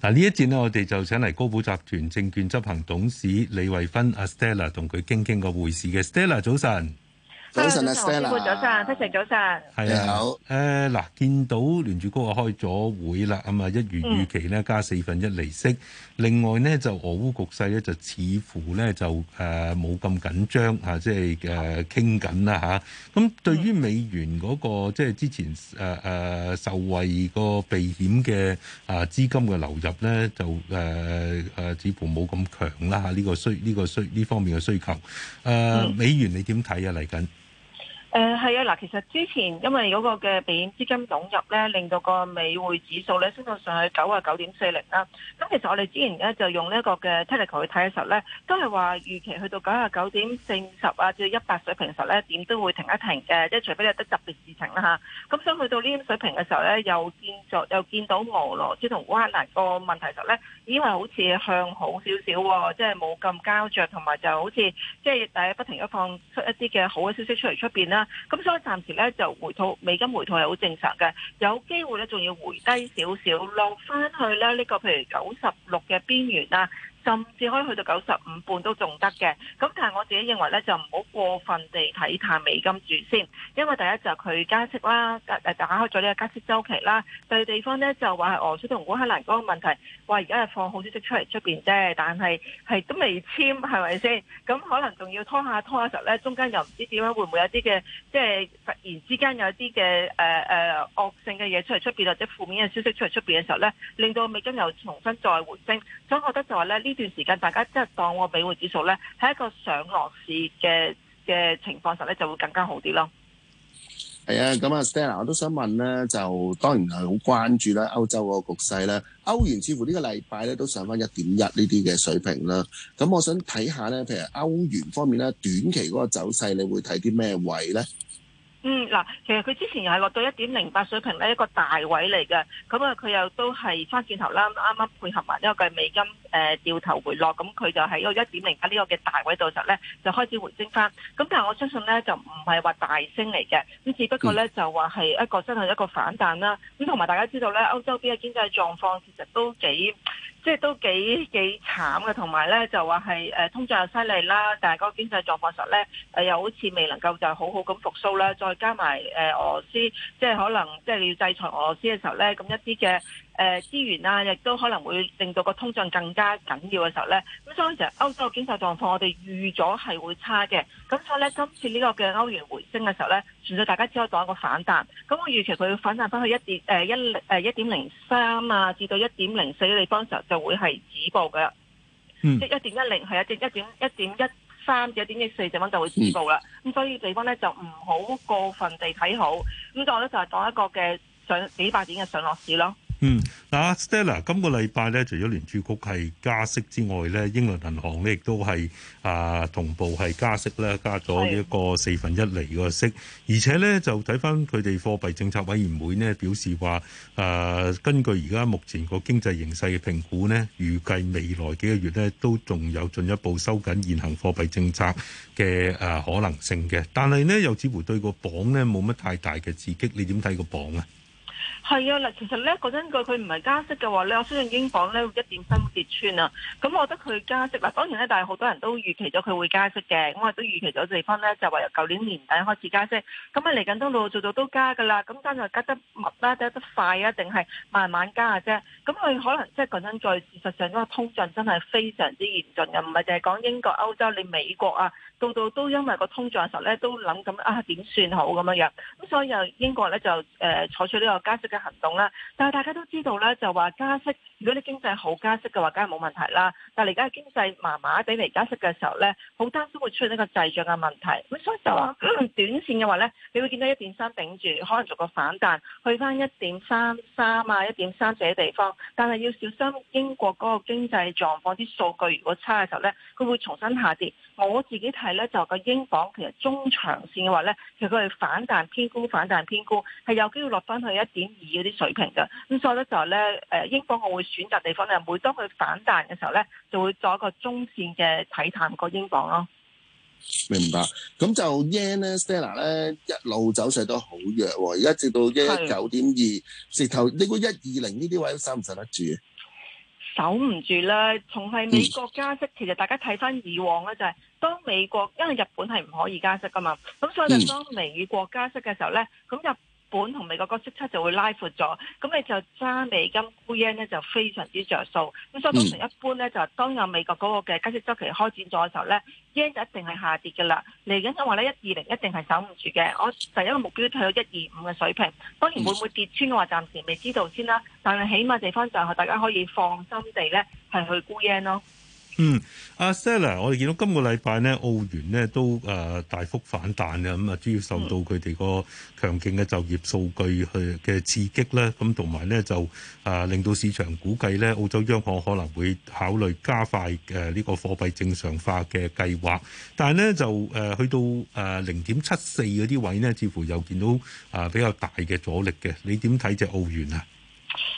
嗱呢一節呢我哋就請嚟高寶集團證券執行董事李慧芬阿 Stella 同佢傾傾個匯市嘅。Stella，早晨。早晨啦，早晨 Stella 早晨，早晨。係啊，好。誒，嗱，見到聯儲局啊開咗會啦，咁啊，一如預期咧加四分一利息、嗯。另外呢，就俄烏局勢咧就似乎咧就誒冇咁緊張吓，即係誒傾緊啦吓。咁、呃啊、對於美元嗰、那個即係、嗯、之前誒誒、呃、受惠個避險嘅啊資金嘅流入咧，就誒誒、呃、似乎冇咁強啦吓。呢、啊呢個需呢、呢個需呢方面嘅需求。誒、呃嗯，美元你點睇啊嚟緊？誒係啊，嗱，其實之前因為嗰個嘅避險資金湧入咧，令到個美匯指數咧升到上去九啊九點四零啦。咁其實我哋之前咧就用呢一個嘅 technical 去睇嘅時候咧，都係話預期去到九啊九點四十啊至一百水平嘅時候咧，點都會停一停嘅，即係除非有得特別事情啦嚇。咁所以去到呢啲水平嘅時候咧，又見咗又見到俄羅斯同烏克蘭個問題實咧，已經係好似向好少少喎，即係冇咁膠着，同埋就好似即係大家不停咁放出一啲嘅好嘅消息出嚟出邊啦。咁所以暫時咧就回吐美金回吐係好正常嘅，有機會咧仲要回低少少，落翻去咧呢個譬如九十六嘅邊緣啦。甚至可以去到九十五半都仲得嘅，咁但係我自己認為呢，就唔好過分地睇淡美金住先，因為第一就係佢加息啦，打打開咗呢個加息週期啦。第二地方呢，就話係俄羅斯同烏克蘭嗰個問題，話而家係放好消息出嚟出面啫，但係係都未簽係咪先？咁可能仲要拖一下拖下時候呢，中間又唔知點樣會唔會有啲嘅即係突然之間有啲嘅誒誒惡性嘅嘢出嚟出面，或者負面嘅消息出嚟出面嘅時候呢，令到美金又重新再回升。所以我覺得就話呢。呢段時間大家即係當個美匯指數咧喺一個上落市嘅嘅情況時咧，就會更加好啲咯。係啊，咁啊，Stella，我都想問咧，就當然係好關注啦，歐洲個局勢啦，歐元似乎個呢個禮拜咧都上翻一點一呢啲嘅水平啦。咁我想睇下咧，譬如歐元方面咧，短期嗰個走勢你會睇啲咩位咧？嗯，嗱，其實佢之前又係落到一點零八水平咧，一個大位嚟嘅。咁啊，佢又都係翻轉頭啦，啱啱配合埋呢個計美金。誒、呃、調頭回落，咁、嗯、佢就喺一個一點零呢個嘅大位度，時候咧就開始回升翻。咁但係我相信咧，就唔係話大升嚟嘅，咁只不過咧就話係一個真係一個反彈啦。咁同埋大家知道咧，歐洲邊嘅經濟狀況其實都幾，即係都幾幾慘嘅，同埋咧就話係、呃、通脹又犀利啦。但係嗰個經濟狀況實咧誒又好似未能夠就係好好咁復甦啦。再加埋誒、呃、俄羅斯，即係可能即係要制裁俄羅斯嘅時候咧，咁一啲嘅。誒、呃、資源啊，亦都可能會令到個通脹更加緊要嘅時候咧。咁所以其實歐洲嘅經濟狀況我哋預咗係會差嘅。咁所以咧，今次呢個嘅歐元回升嘅時候咧，純粹大家只可以當一個反彈。咁我預期佢反彈翻去一點誒一誒一點零三啊，至到一點零四嘅地方時候就會係止步嘅、嗯。即係一點一零係啊，一點一點一三至一點一四隻蚊就會止步啦。咁、嗯、所以地方咧就唔好過分地睇好。咁當咧就係當一個嘅上幾百點嘅上落市咯。嗯，嗱，Stella，今個禮拜咧，除咗聯儲局係加息之外咧，英倫銀行咧亦都係啊同步係加息啦，加咗一個四分一厘個息，而且咧就睇返佢哋貨幣政策委員會呢表示話，誒、呃、根據而家目前個經濟形勢嘅評估呢預計未來幾個月呢都仲有進一步收緊現行貨幣政策嘅誒可能性嘅，但係呢，又似乎對個鎊呢冇乜太大嘅刺激，你點睇個鎊啊？係啊，嗱，其實咧嗰陣個佢唔係加息嘅話咧，我相信英鎊咧會一點三跌穿啊。咁我覺得佢加息，嗱當然咧，但係好多人都預期咗佢會加息嘅，咁我都預期咗地方咧就話由舊年年底開始加息。咁啊嚟緊都陸陸續續都加㗎啦。咁加就加得密啦、啊，加得快啊，定係慢慢加啫、啊。咁佢可能即係嗰陣在事實上，因為個通脹真係非常之嚴峻嘅，唔係淨係講英國、歐洲、你美國啊，到到都因為個通脹時候咧都諗緊啊點算好咁樣樣。咁所以又英國咧就誒採取呢個加息。嘅行動啦，但係大家都知道咧，就話加息，如果你經濟好加息嘅話，梗係冇問題啦。但係而家嘅經濟麻麻地嚟加息嘅時候咧，好擔心會出現一個滯脹嘅問題。咁所以就話短線嘅話咧，你會見到一點三頂住，可能逐個反彈去翻一點三三啊、一點三這地方。但係要小心英國嗰個經濟狀況啲數據如果差嘅時候咧，佢會重新下跌。我自己睇咧就個英鎊，其實中長線嘅話咧，其實佢係反彈偏沽，反彈偏沽係有機會落翻去一點。二嗰啲水平嘅，咁所以咧就係咧，誒，英鎊我會選擇地方咧，每當佢反彈嘅時候咧，就會做一個中線嘅睇淡個英鎊咯。明白，咁就 yen 咧 sterling 咧一路走勢都好弱喎，哦，而家直到一九點二，直頭你估一二零呢啲位都守唔守得住？守唔住啦，從係美國加息，嗯、其實大家睇翻以往咧就係、是，當美國因為日本係唔可以加息噶嘛，咁所以就當美國加息嘅時候咧，咁、嗯、日、嗯本同美國個息差就會拉闊咗，咁你就揸美金沽 yen 呢就非常之着數。咁所以通常一般呢，就當有美國嗰個嘅加息周期開展咗嘅時候呢 yen 就一定係下跌嘅啦。嚟緊因話呢，一二零一定係守唔住嘅，我第一個目標睇到一二五嘅水平，當然會唔會跌穿我話暫時未知道先啦。但係起碼地方就係大家可以放心地去呢，係去沽 yen 咯。嗯，阿 Sally，我哋見到今個禮拜呢澳元呢都誒大幅反彈嘅，咁啊主要受到佢哋個強勁嘅就業數據去嘅刺激咧，咁同埋呢，就誒令到市場估計呢澳洲央行可能會考慮加快誒呢個貨幣正常化嘅計劃，但係呢，就誒去到誒零點七四嗰啲位呢似乎又見到誒比較大嘅阻力嘅，你點睇隻澳元啊？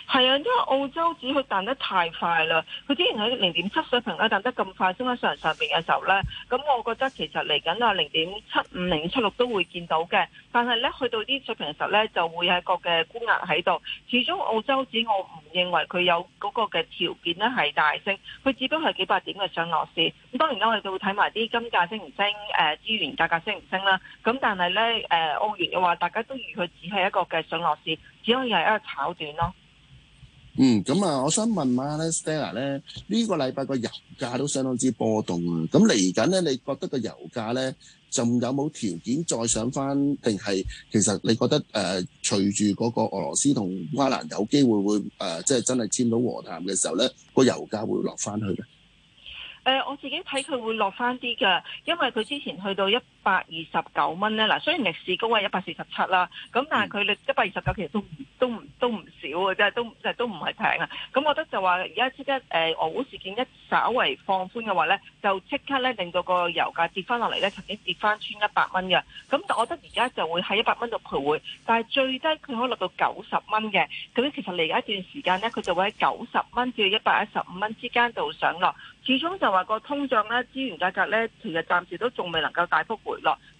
係啊，因為澳洲紙佢彈得太快啦，佢之前喺零點七水平咧彈得咁快，升得上上邊嘅時候咧，咁我覺得其實嚟緊啊零點七五、零點七六都會見到嘅，但係咧去到啲水平嘅時候咧，就會有一個嘅沽壓喺度。始終澳洲紙我唔認為佢有嗰個嘅條件咧係大升，佢只不過係幾百點嘅上落市。咁當然啦，我哋會睇埋啲金價升唔升，誒、呃、資源價格升唔升啦。咁但係咧，誒、呃、歐元嘅話，大家都預佢只係一個嘅上落市，只可以係一個炒短咯。嗯，咁啊，我想問下 Stella 咧，呢個禮拜個油價都相當之波動啊！咁嚟緊咧，你覺得個油價咧，仲有冇條件再上翻？定係其實你覺得誒，隨住嗰個俄羅斯同烏克蘭有機會會誒，即係真係簽到和談嘅時候咧，個油價會落翻去咧？誒，我自己睇佢會落翻啲噶，因為佢之前去到一百二十九蚊呢，嗱，雖然歷史高位一百四十七啦，咁但係佢咧一百二十九其實都都唔都唔少嘅，即係都即係都唔係平啊。咁我覺得就話而家即刻誒俄烏事件一稍為放寬嘅話呢，就即刻咧令到個油價跌翻落嚟呢，曾經跌翻穿一百蚊嘅。咁我覺得而家就會喺一百蚊度徘徊，但係最低佢可以落到九十蚊嘅。咁其實嚟緊一段時間呢，佢就會喺九十蚊至一百一十五蚊之間度上落。始終就話個通脹呢，資源價格呢，其實暫時都仲未能夠大幅。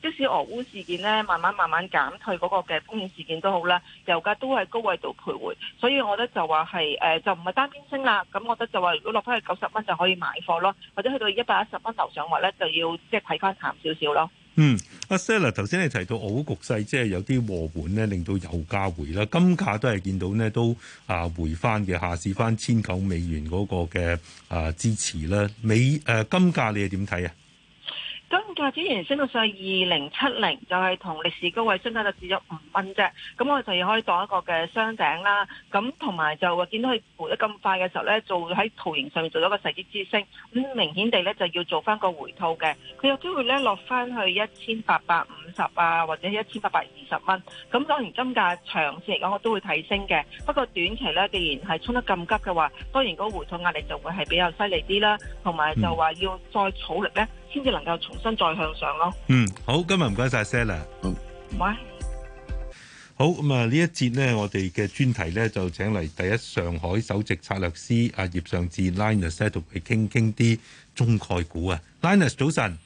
即使俄烏事件呢，慢慢慢慢減退嗰個嘅風險事件都好啦，油價都喺高位度徘徊，所以我覺得就話係誒，就唔係單邊升啦。咁我覺得就話，如果落翻去九十蚊就可以買貨咯，或者去到一百一十蚊樓上位咧，就要即係睇翻淡少少咯。嗯，阿 Sir 啦，頭先你提到俄烏局勢，即係有啲和本呢，令到油價回啦，金價都係見到呢，都啊回翻嘅，下試翻千九美元嗰個嘅啊支持啦。美誒、呃，金價你係點睇啊？金價之前升到上二零七零，就係同歷史高位相差就只有五蚊啫。咁我哋就要可以當一個嘅雙頂啦。咁同埋就話見到佢回得咁快嘅時候咧，就會喺圖形上面做咗個射擊之星。咁明顯地咧，就要做翻個回吐嘅。佢有機會咧落翻去一千八百五十啊，或者一千八百二十蚊。咁當然金價長線嚟講，我都會睇升嘅。不過短期咧，既然係衝得咁急嘅話，當然嗰個回吐壓力就會係比較犀利啲啦。同埋就話要再儲力咧。先至能夠重新再向上咯。嗯，好，今日唔該晒 Sara 喂，好咁啊！呢、嗯、一節呢，我哋嘅專題咧就請嚟第一上海首席策略師阿、啊、葉尚志 Linus 咧，同我哋傾傾啲中概股啊。Linus 早晨，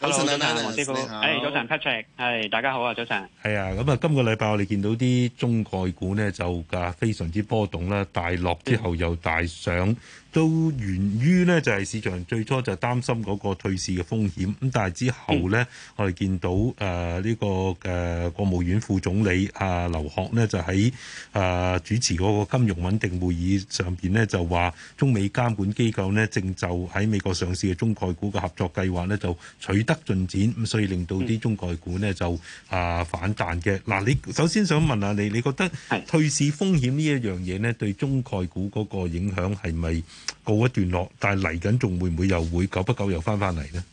早晨啊，黃師傅，誒、hey, 早晨，Patrick，、hey, 係大家好啊，早晨。係啊，咁啊，今個禮拜我哋見到啲中概股呢，就價非常之波動啦，大落之後又大上。嗯，大上都源於呢，就係市場最初就擔心嗰個退市嘅風險，咁但係之後呢，我哋見到誒呢個誒國務院副總理啊劉鶴呢，就喺誒主持嗰個金融穩定會議上邊呢，就話中美監管機構呢，正就喺美國上市嘅中概股嘅合作計劃呢，就取得進展，咁所以令到啲中概股呢，就啊反彈嘅。嗱，你首先想問下你，你覺得退市風險呢一樣嘢呢，對中概股嗰個影響係咪？告一段落，但係嚟緊仲會唔會又會久不久又翻翻嚟呢？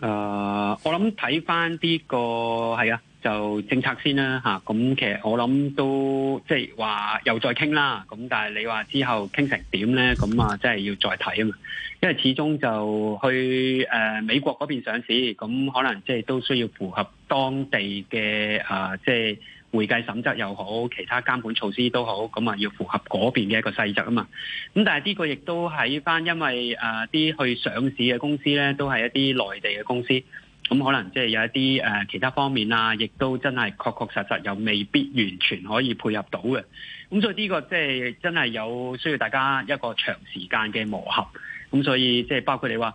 誒、呃，我諗睇翻啲個係啊，就政策先啦吓。咁、啊、其實我諗都即係話又再傾啦。咁但係你話之後傾成點呢？咁啊，即、啊、係、就是、要再睇啊嘛。因為始終就去誒、呃、美國嗰邊上市，咁可能即係都需要符合當地嘅，啊，即係。會計審則又好，其他監管措施都好，咁啊要符合嗰邊嘅一個細則啊嘛。咁但係呢個亦都喺翻，因為誒啲、呃、去上市嘅公司咧，都係一啲內地嘅公司，咁可能即係有一啲誒、呃、其他方面啊，亦都真係確確實實又未必完全可以配合到嘅。咁所以呢個即係真係有需要大家一個長時間嘅磨合。咁所以即係包括你話。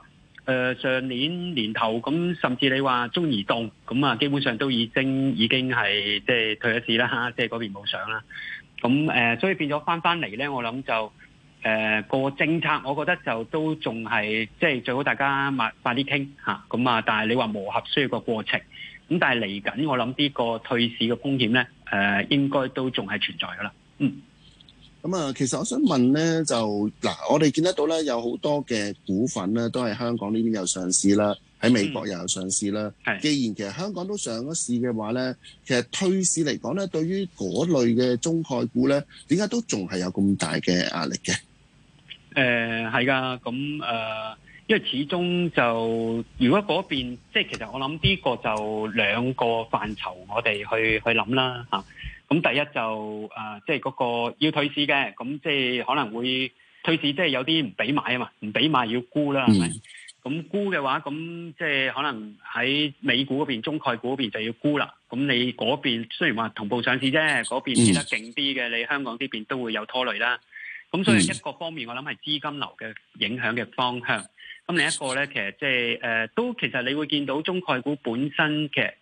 誒、呃，上年年頭咁，甚至你話中移動咁啊，基本上都已經已經係即係退咗市啦，吓，即係嗰邊冇上啦。咁誒、呃，所以變咗翻翻嚟咧，我諗就誒個、呃、政策，我覺得就都仲係即係最好大家快啲傾吓，咁啊，但係你話磨合需要個過程，咁但係嚟緊我諗呢個退市嘅風險咧，誒、呃、應該都仲係存在噶啦，嗯。咁、嗯、啊，其實我想問咧，就嗱，我哋見得到咧，有好多嘅股份咧，都係香港呢邊有上市啦，喺美國又有上市啦，嗯。既然其實香港都上咗市嘅話咧，其實退市嚟講咧，對於嗰類嘅中概股咧，點解都仲係有咁大嘅壓力嘅？誒、呃，係噶，咁誒、呃，因為始終就如果嗰邊，即係其實我諗呢個就兩個範疇我們，我哋去去諗啦，嚇。咁第一就啊、是，即係嗰個要退市嘅，咁即係可能會退市，即係有啲唔俾買啊嘛，唔俾買要沽啦，係、嗯、咪？咁沽嘅話，咁即係可能喺美股嗰邊、中概股嗰邊就要沽啦。咁你嗰邊雖然話同步上市啫，嗰邊變得勁啲嘅，你香港呢邊都會有拖累啦。咁所以一個方面，我諗係資金流嘅影響嘅方向。咁另一個咧，其實即係誒，都、呃、其實你會見到中概股本身嘅。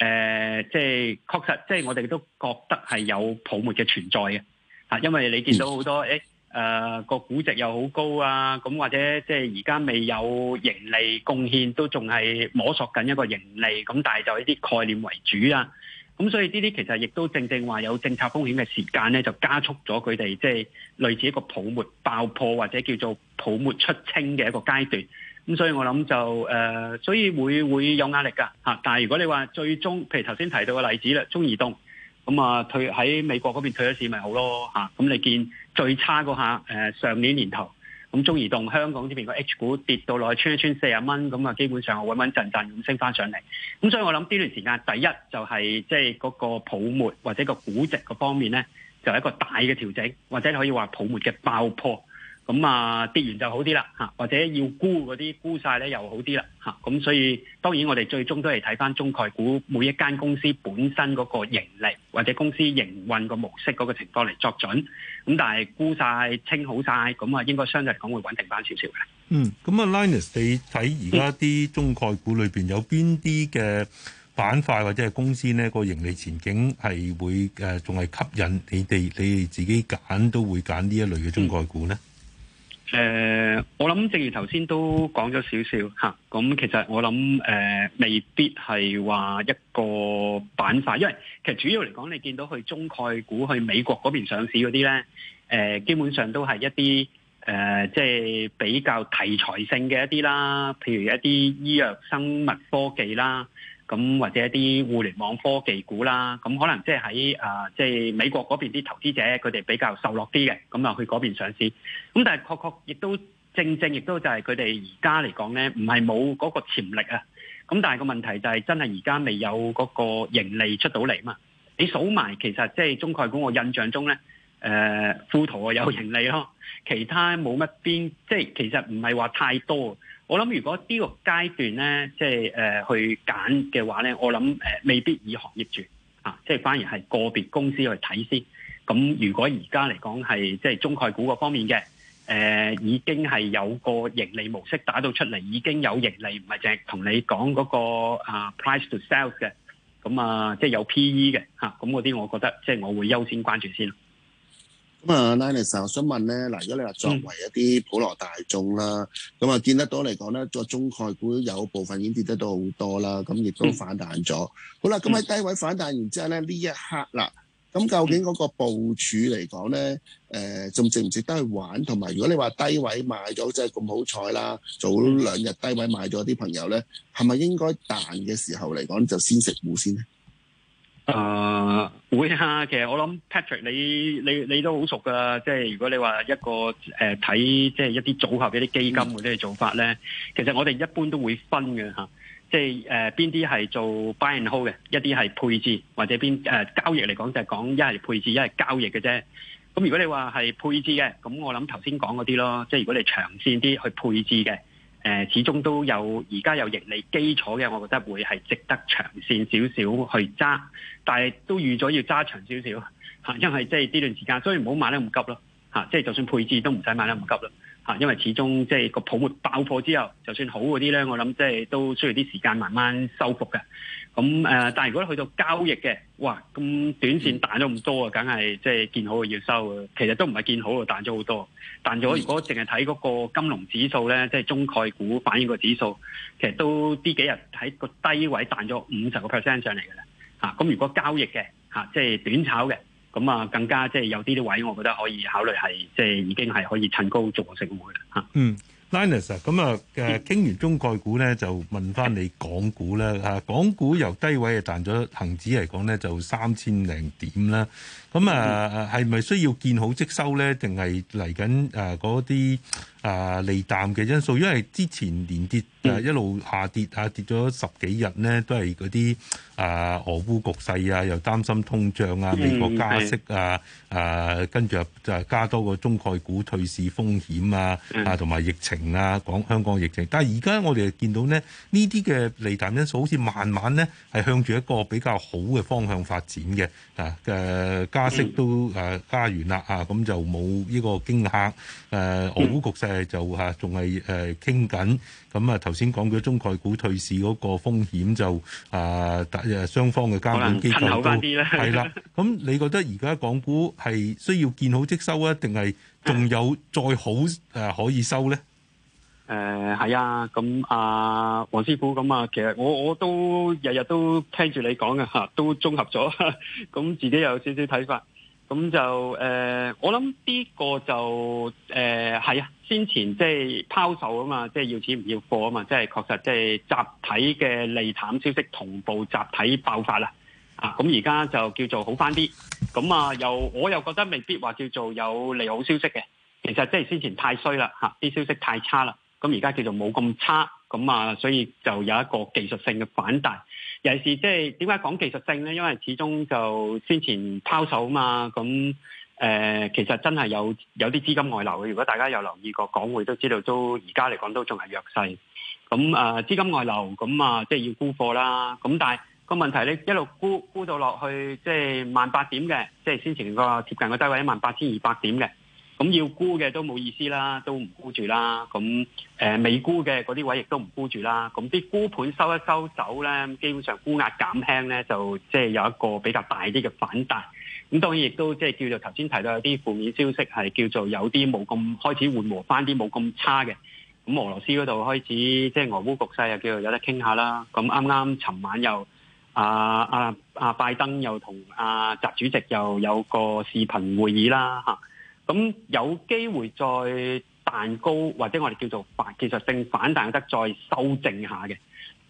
誒、呃，即係確實，即係我哋都覺得係有泡沫嘅存在嘅吓，因為你見到好多誒、欸呃，個估值又好高啊，咁、啊、或者即係而家未有盈利貢獻，都仲係摸索緊一個盈利，咁但係就呢啲概念為主啊，咁所以呢啲其實亦都正正話有政策風險嘅時間咧，就加速咗佢哋即係類似一個泡沫爆破或者叫做泡沫出清嘅一個階段。咁所以我諗就、誒，所以會會有壓力噶吓。但係如果你話最終，譬如頭先提到嘅例子啦，中移動咁啊退喺美國嗰邊退咗市，咪好咯吓。咁你見最差嗰下誒，上年年頭，咁中移動香港呢邊個 H 股跌到落去穿一穿四十蚊，咁啊基本上我穩穩陣陣咁升翻上嚟。咁所以我諗呢段時間，第一就係即係嗰個泡沫或者個估值個方面咧，就係、是、一個大嘅調整，或者你可以話泡沫嘅爆破。咁啊，跌完就好啲啦嚇，或者要沽嗰啲沽晒咧，又好啲啦嚇。咁所以當然我哋最終都係睇翻中概股每一間公司本身嗰個盈利或者公司營運個模式嗰個情況嚟作準。咁但係沽晒清好晒，咁啊應該相對嚟講會穩定翻少少嘅。嗯，咁啊，Linus，你睇而家啲中概股裏面有邊啲嘅板塊或者係公司呢、個盈利前景係會仲係、呃、吸引你哋？你哋自己揀都會揀呢一類嘅中概股咧？嗯誒、呃，我諗正如頭先都講咗少少吓，咁其實我諗誒、呃，未必係話一個板塊，因為其實主要嚟講，你見到去中概股去美國嗰邊上市嗰啲咧，誒、呃，基本上都係一啲誒、呃，即係比較題材性嘅一啲啦，譬如一啲醫藥生物科技啦。咁或者一啲互聯網科技股啦，咁可能即係喺啊，即係美國嗰邊啲投資者佢哋比較受落啲嘅，咁啊去嗰邊上市。咁但係確確亦都正正亦都就係佢哋而家嚟講咧，唔係冇嗰個潛力啊。咁但係個問題就係真係而家未有嗰個盈利出到嚟嘛。你數埋其實即係中概股，我印象中咧，誒富途有盈利咯。其他冇乜邊，即係其實唔係話太多。我諗如果呢個階段咧，即係、呃、去揀嘅話咧，我諗、呃、未必以行業住、啊、即係反而係個別公司去睇先。咁如果而家嚟講係即係中概股嗰方面嘅、呃，已經係有個盈利模式打到出嚟，已經有盈利，唔係淨係同你講嗰個啊 price to sales 嘅，咁啊即係有 P E 嘅吓，咁嗰啲我覺得即係我會優先關注先咯。咁啊 Linus 我想問咧，嗱，如果你作為一啲普羅大眾啦，咁、嗯、啊見得到嚟講咧，作中概股有部分已經跌得到好多啦，咁亦都反彈咗、嗯。好啦，咁喺低位反彈完之後咧，呢一刻啦，咁究竟嗰個部署嚟講咧，誒、呃，仲值唔值得去玩？同埋，如果你話低位買咗真係咁好彩啦，早兩日低位買咗啲朋友咧，係咪應該彈嘅時候嚟講就先食糊先呢？誒、呃，會啊！其實我諗 Patrick 你你你，你都好熟噶，即係如果你話一個誒睇、呃、即係一啲組合、一啲基金或者做法咧，其實我哋一般都會分嘅吓，即係誒邊啲係做 buy and hold 嘅，一啲係配置或者邊誒、呃、交易嚟講就係講一係配置一係交易嘅啫。咁如果你話係配置嘅，咁我諗頭先講嗰啲咯，即係如果你長線啲去配置嘅。誒始終都有而家有盈利基礎嘅，我覺得會係值得長線少少去揸，但係都預咗要揸長少少嚇，因為即係呢段時間，所以唔好買得咁急咯嚇，即係就算配置都唔使買得咁急啦。因為始終即係個泡沫爆破之後，就算好嗰啲咧，我諗即係都需要啲時間慢慢修復嘅。咁、嗯、誒、呃，但係如果去到交易嘅，哇，咁短線彈咗咁多啊，梗係即係見好要收啊。其實都唔係見好啊，彈咗好多。彈咗如果淨係睇嗰個金龍指數咧，即、就、係、是、中概股反映個指數，其實都呢幾日喺個低位彈咗五十個 percent 上嚟嘅啦。吓、啊、咁、嗯、如果交易嘅吓，即、啊、係、就是、短炒嘅。咁啊，更加即係有啲啲位，我覺得可以考慮係即係已經係可以趁高做升會啦嚇。嗯，Linus，咁啊，誒、啊、傾完中概股咧，就問翻你港股啦、啊、港股由低位啊彈咗，恒指嚟講咧就三千零點啦。咁啊，係咪需要見好即收咧？定係嚟緊誒嗰啲誒利淡嘅因素？因為之前連跌誒一路下跌啊，跌咗十幾日咧，都係嗰啲啊俄烏局勢啊，又擔心通脹啊，美國加息、嗯、啊，誒跟住就加多個中概股退市風險啊，啊同埋疫情啊，講香港疫情。但係而家我哋見到咧，呢啲嘅利淡因素好似慢慢咧係向住一個比較好嘅方向發展嘅啊嘅。加息都誒加完啦嚇，咁、嗯啊、就冇呢個驚嚇。誒俄烏局勢就嚇仲係誒傾緊。咁啊頭先講咗中概股退市嗰個風險就啊，雙方嘅監管機構都係啦。咁 你覺得而家港股係需要見好即收啊，定係仲有再好誒可以收咧？誒係啊，咁啊黃師傅咁啊，其實我我都日日都聽住你講嘅嚇，都綜合咗，咁自己又有少少睇法，咁就誒，我諗呢個就誒係啊，先前即係拋售啊嘛，即係要錢唔要貨啊嘛，即係確實即係集體嘅利淡消息同步集體爆發啦，啊，咁而家就叫做好翻啲，咁啊又我又覺得未必話叫做有利好消息嘅，其實即係先前太衰啦嚇，啲消息太差啦。咁而家叫做冇咁差，咁啊，所以就有一個技術性嘅反彈，尤其是即係點解講技術性咧？因為始終就先前拋售啊嘛，咁、嗯、誒其實真係有有啲資金外流嘅。如果大家有留意過港匯都知道，都而家嚟講都仲係弱勢。咁啊，資金外流，咁啊，即係要沽貨啦。咁但係個問題咧，你一路沽沽到落去，即係萬八點嘅，即係先前個貼近個低位一萬八千二百點嘅。咁要沽嘅都冇意思啦，都唔沽住啦。咁誒、呃、未沽嘅嗰啲位亦都唔沽住啦。咁啲沽盤收一收走咧，基本上沽壓減輕咧，就即係有一個比較大啲嘅反彈。咁當然亦都即係叫做頭先提到有啲負面消息係叫做有啲冇咁開始緩和翻啲冇咁差嘅。咁俄羅斯嗰度開始即係、就是、俄烏局勢又叫做有得傾下啦。咁啱啱尋晚又啊啊，阿拜登又同阿、啊、習主席又有個視頻會議啦嚇。咁有機會再彈高或者我哋叫做反，技術性反彈得再修正下嘅。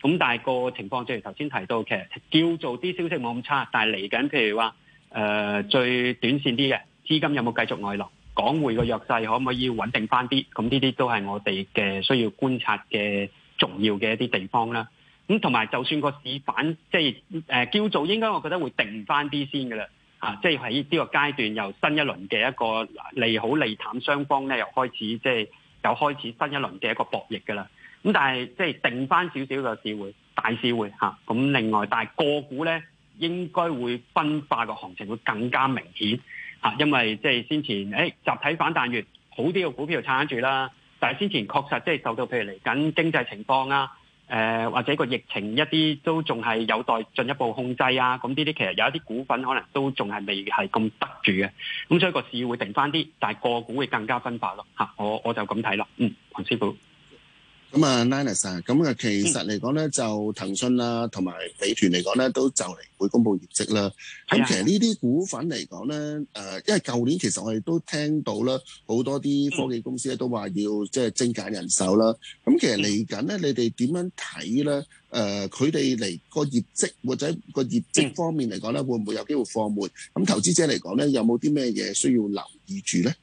咁但係個情況，即係頭先提到，其實叫做啲消息冇咁差，但係嚟緊譬如話，誒、呃，最短線啲嘅資金有冇繼續外流，港匯個弱勢可唔可以穩定翻啲？咁呢啲都係我哋嘅需要觀察嘅重要嘅一啲地方啦。咁同埋就算個市反，即係誒、呃、叫做應該，我覺得會定翻啲先噶啦。啊，即係喺呢個階段，由新一輪嘅一個利好利淡雙方咧，又開始即係、就是、又開始新一輪嘅一個博弈㗎啦。咁但係即係定翻少少就市會大市會咁、啊、另外，但係個股咧應該會分化，個行情會更加明顯、啊、因為即係先前誒、欸、集體反彈月，好啲嘅股票撐住啦，但係先前確實即係受到譬如嚟緊經濟情況啊。誒、呃、或者個疫情一啲都仲係有待進一步控制啊！咁呢啲其實有一啲股份可能都仲係未係咁得住嘅，咁所以個市會定翻啲，但係個股會更加分化咯。嚇，我我就咁睇啦。嗯，黃師傅。咁啊，Linus，咁啊，Linus，其實嚟講咧，就騰訊啊，同埋美團嚟講咧，都就嚟會公布業績啦。咁其實呢啲股份嚟講咧，誒、呃，因為舊年其實我哋都聽到啦，好多啲科技公司咧都話要即係精簡人手啦。咁、嗯、其實嚟緊咧，你哋點樣睇咧？誒、呃，佢哋嚟個業績或者個業績方面嚟講咧，會唔會有機會放緩？咁投資者嚟講咧，有冇啲咩嘢需要留意住咧？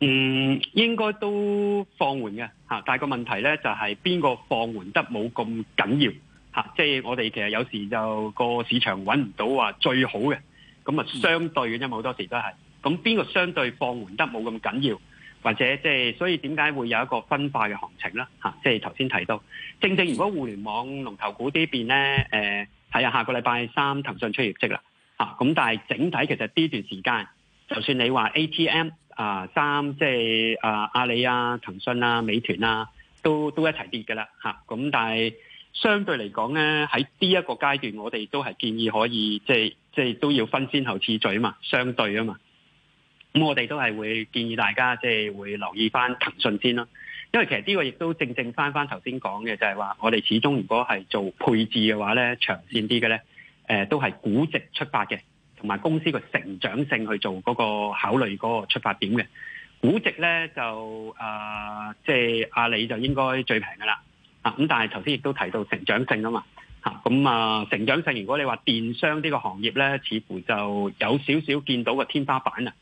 嗯，應該都放緩嘅吓，但係個問題咧就係邊個放緩得冇咁緊要吓，即係我哋其實有時就個市場揾唔到話最好嘅，咁啊相對嘅，因為好多時都係，咁邊個相對放緩得冇咁緊要，或者即係所以點解會有一個分化嘅行情咧吓，即係頭先提到，正正如果互聯網龍頭股呢邊咧，誒、呃、睇下下個禮拜三騰訊出業績啦吓，咁但係整體其實呢段時間，就算你話 ATM。啊，三即係啊，阿里啊，騰訊啊，美團啊，都都一齊跌噶啦，吓、啊、咁但係相對嚟講咧，喺呢一個階段，我哋都係建議可以即係即係都要分先後次序啊嘛，相對啊嘛，咁我哋都係會建議大家即係、就是、會留意翻騰訊先啦，因為其實呢個亦都正正翻翻頭先講嘅，就係話我哋始終如果係做配置嘅話咧，長線啲嘅咧，誒、呃、都係估值出發嘅。同埋公司個成長性去做嗰個考慮，嗰個出發點嘅估值咧就啊，即係阿里就應該最平噶啦啊，咁，但係頭先亦都提到成長性啊嘛嚇，咁啊，成長性如果你話電商呢個行業咧，似乎就有少少見到個天花板啊，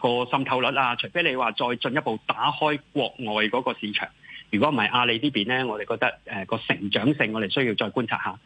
個滲透率啊，除非你話再進一步打開國外嗰個市場。如果唔係阿里呢邊咧，我哋覺得誒個、呃、成長性我哋需要再觀察下。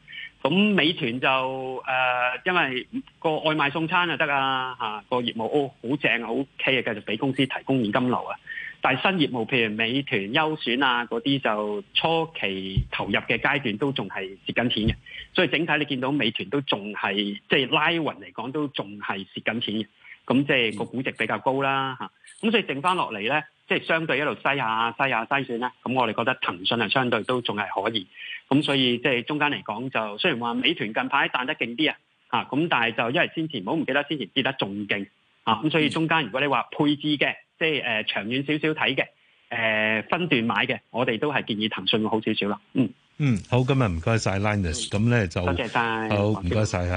咁美團就誒、呃，因為個外賣送餐就得啊，個業務哦好正，好 OK 啊，繼續俾公司提供現金流啊。但係新業務，譬如美團優選啊嗰啲，就初期投入嘅階段都仲係蝕緊錢嘅。所以整體你見到美團都仲係即係拉勻嚟講都仲係蝕緊錢嘅。咁即係個估值比較高啦，咁、啊、所以剩翻落嚟咧，即、就、係、是、相對一路篩下、篩下、篩選啦。咁我哋覺得騰訊係，相對都仲係可以。咁所以即係中間嚟講就雖然話美團近排彈得勁啲啊，吓，咁，但係就因為先前唔好唔記得，先前跌得仲勁啊，咁所以中間如果你話配置嘅，即係誒長遠少少睇嘅，誒、呃、分段買嘅，我哋都係建議騰訊會好少少啦。嗯嗯，好，今日唔該晒 Linus 咁、嗯、咧就多謝晒，好唔該曬。